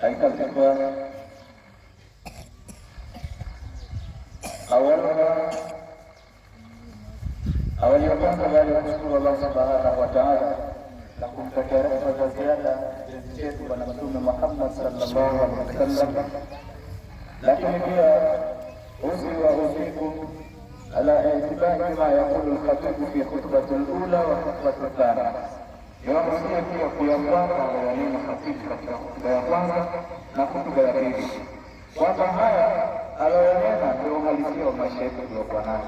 haikatakuwa awaliopanga wale kumshukuru Allah subhanahu wa ta'ala na kumtakia rehema za ziada mpenzi wetu Bwana Mtume Muhammad sallallahu alaihi wasallam, lakini pia uzi wa uziku ala itibari ma yaqulu al-khatibu fi khutbati al wa khutbati al Nawasikia pia kuyafuata ayanena khatibu katika hotuba ya kwanza na hotuba ya pili, kwamba haya aliyoyanena ndio uhalisia wa maisha yetu tuliokuwa nayo,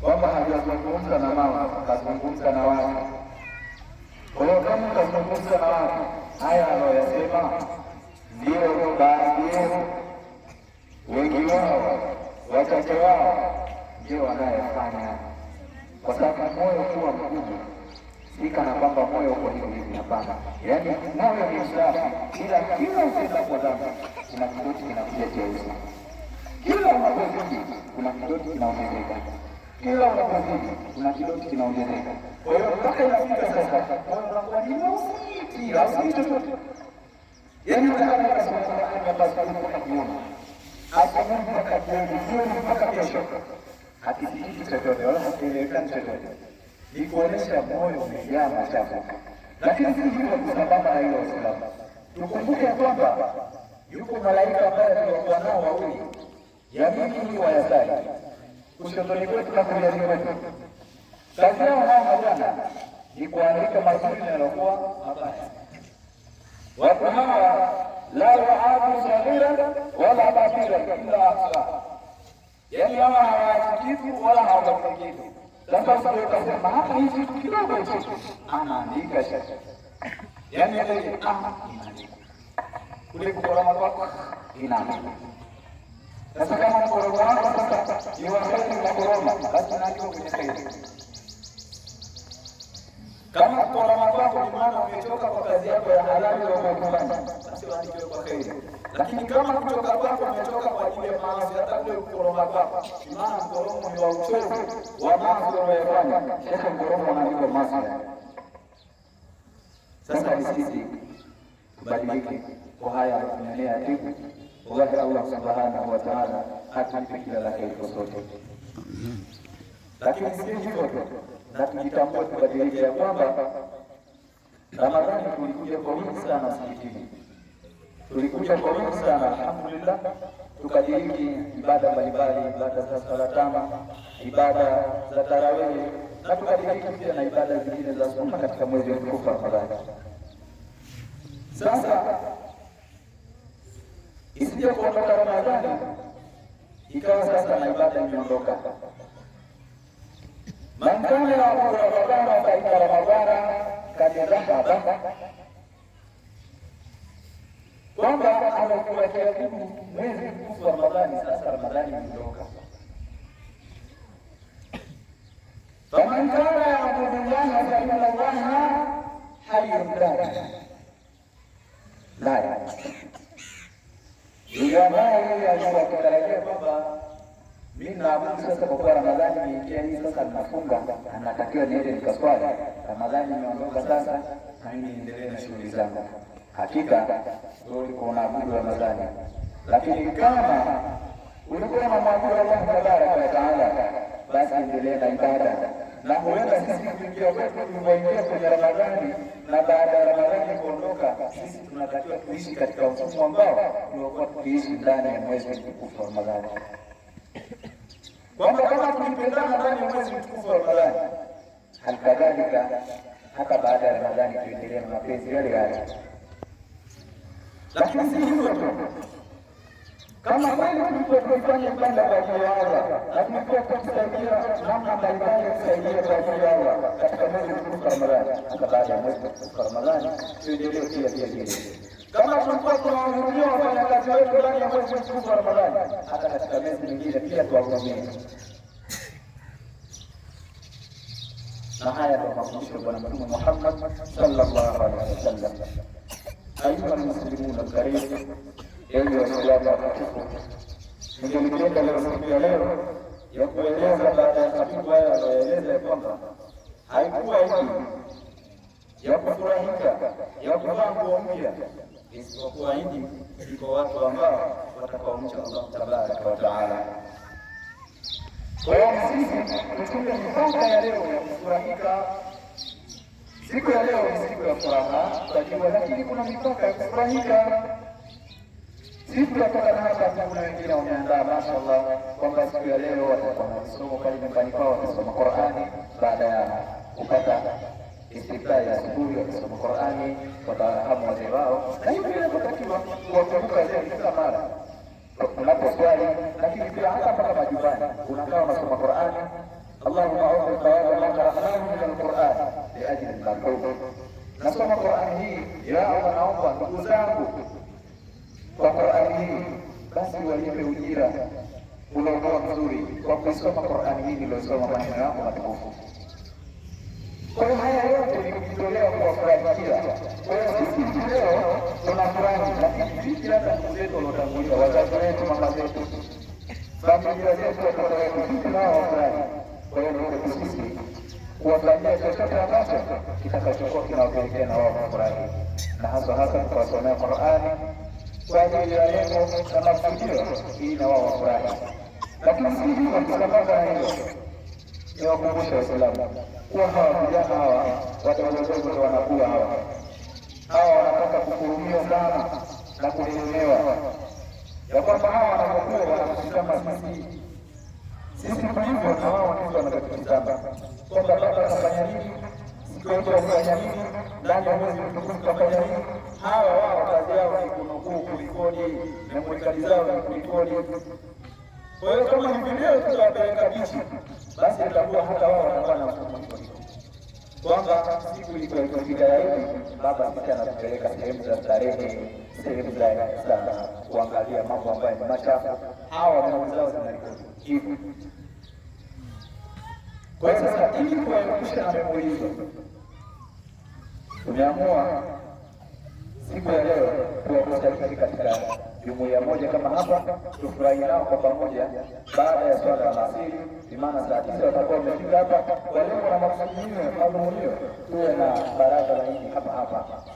kwamba hajazungumza na mama, kazungumza na watu. Kwa hiyo kama kazungumza na watu, haya aliyoyasema ndiyo baadhi yenu, wengi wao, wachache wao ndio wanayefanya kuridhika na kwamba moyo uko hivi hivi. Hapana, yaani moyo ni safi, ila kila ukienda kwa dhambi kuna kidoti kinakuja cheusi, kila unapozidi kuna kidoti kinaongezeka, kila unapozidi kuna kidoti kinaongezeka. Kwa hiyo mpaka inafika sasa moyo unakuwa ni mweusi kiasi chochote, yaani utakapokuona asubuhi mpaka jioni, jioni mpaka kesho, hakisikiki chochote wala hakielewekani chochote ni kuonesha moyo umejaa machafu. lakini si hivyo kusambamba na hiyo Waislamu. Tukumbuke kwamba yuko malaika ambaye tuliokuwa nao wawili, yamini wa yasari, kushotoni kwetu na kuliani kwetu. Kazi yao hao majana ni kuandika mazuri na mabaya. Watu hawa la yuadu saghira wala kabira illa ahsaha, yani hawa hawaachi wala hawatafanya na sasa akasema hata hizi vitu kidogo tu anaandika sasa, yaani hata ile kama inaandika kule kukoroma kwako inaandika sasa. Kama mkoroma wako sasa ni wasaizi unakoroma, basi naandika kwenye saidi. Kama mkoroma kwako ni maana umetoka kwa kazi yako ya halali unaofanya, basi waandike kwa heri lakini kama kutoka kwako umetoka kwa ajili ya maasi, hata kule kukoroma kwako, maana mkoromo ni wa uchovu wa maasi unayofanya. Shekhe mkoromo anaandika masala. Sasa nisisi badilike kwa haya tunenea tibu wallahi, Allah subhanahu wa ta'ala hatulipe kila la heri kwa sote, lakini si hivyo tu na tujitambue, tubadilike ya kwamba Ramadhani tulikuja kwa wingi sana msikitini Tulikuja kwa wingi sana alhamdulillah, tukadiriki ibada mbalimbali, ibada za sala tano, ibada za tarawehi na tukadiriki pia na ibada zingine za sunna katika mwezi mtukufu wa Ramadhani. Sasa isije kuondoka Ramadhani ikawa sasa na ibada imeondoka. man kana yaqulu ramadana faina ramadana kad kwamba anakuwa taratibu mwezi mtukufu wa Ramadhani. Sasa Ramadhani imeondoka, faman kana yabudu llaha faina llaha hayyun la ndio ambayo alikuwa akitarajia kwamba mi naabudu sasa, kwa kuwa Ramadhani imeingia hii sasa, ninafunga, anatakiwa niende nikaswali. Ramadhani imeondoka sasa, na mimi niendelee na shughuli zangu hakika ulikuwa unaabudu Ramadhani, lakini kama ulikuwa na unamwabudu Allah tabaraka wa taala, basi endelea na ibada. Na huenda sisi kuingia kwetu tulivyoingia kwenye Ramadhani na baada ya Ramadhani kuondoka, sisi tunatakiwa kuishi katika mfumo ambao tuliokuwa tukiishi ndani ya mwezi mtukufu wa Ramadhani, kwamba kama tulipendana ndani ya mwezi mtukufu wa Ramadhani, halikadhalika hata baada ya Ramadhani tuendelee na mapenzi yale yale. Lakini si hivyo tu, kama kweli tulifanya ibada kwa ajili yao, lakini pia kutusaidia namna mbalimbali kusaidia kwa ajili yao katika mwezi mtukufu Ramadhani, hata baada ya mwezi mtukufu Ramadhani tuendelee pia vilevile kama tulikuwa tunawahurumia wafanyakazi wetu ndani ya mwezi mtukufu wa Ramadhani, hata katika miezi mingine pia tuwahurumie. Na haya ndio mafundisho Bwana Mtume Muhammad sallallahu alaihi wasallam ayuha almuslimuna alkarim, enyi waislamu watukufu, ningelipenda leo ya leo ya kueleza baada ya katibu haya anayoeleza ya kwamba haikuwa hiki ya kufurahika ya kuvaa nguo mpya, isipokuwa hiki iko watu ambao watakaomcha Allah tabaraka wa taala. Kwa hiyo sisi tuchunge mipaka ya leo ya kufurahika Siku ya leo ni siku ya furaha tajua, lakini kuna mipaka ya kufurahika. Sikutoka na hapa, kuna wengine wameandaa mashallah, kwamba siku ya leo watakuwa na masomo pale nyumbani kwao, watasoma Qur'ani baada ya kupata istibdai ya asubuhi, watasoma Qur'ani, watawarhamu wazee wao, na hivyo inapotakiwa kuwakumbuka kila mara unaposwali, lakini pia hata mpaka majumbani unakaa unasoma Qur'ani. Allahumma liajili makruh. Nasoma Qurani hii yao, naomba ndugu zangu kwa Qurani hii basi walipe ujira unaokuwa mzuri kwa kuisoma Qurani hii niliosoma maneno yako matukufu. Kwa hiyo haya yote ni kujitolea kuwafurahikia. Kwa hiyo sisi leo tunafurahi, lakini vipi hata ndugu zetu waliotangulia, wazazi wetu, mama zetu, familia zetu, watoto wetu, vipi nao wafurahi? Kwa hiyo ndio sisi kuangalia chochote ambacho kitakachokuwa kinawapelekea na wao kufurahi, na hasa hasa tukawasomea Qur'ani kwa ajili ya lengo na makusudio, ili na wao wafurahi. Lakini si hivyo kusambamba na hilo, ni wakumbusha Waislamu kuwa hawa vijana hawa wadogo wadogo wanakuwa hawa hawa wanataka kukurumiwa sana na kuelemewa ya kwamba hawa wanapokuwa wanakusikama sisi sisi tuko hivyo na wao wanakuja wanakatukiza kwamba baba atafanya nini, mtoto atafanya nini, ndani ya mwezi mtukufu atafanya nini. Hawa wao kazi yao ni kunukuu, kurekodi na mwekali zao ni kurekodi. Kwa hiyo kama ni video tutawapeleka bichi, basi itakuwa hata wao watakuwa na mfumo kwamba siku ilikuwa ikifika ya hivi baba sisi anatupeleka sehemu za starehe sehemu za kuangalia mambo ambayo ni machafu, hawa wanaozao zinaripoti Kwa hiyo sasa, ili kuwaepusha na mambo hizo, tumeamua siku ya leo kuwakusanyika katika jumuiya moja kama hapa, tufurahi nao kwa pamoja baada ya swala la asili, imana saa tisa watakuwa wamefika hapa kwa lengo na makusudi hiyo, madhumuni hiyo, tuwe na baraza la nini hapa hapa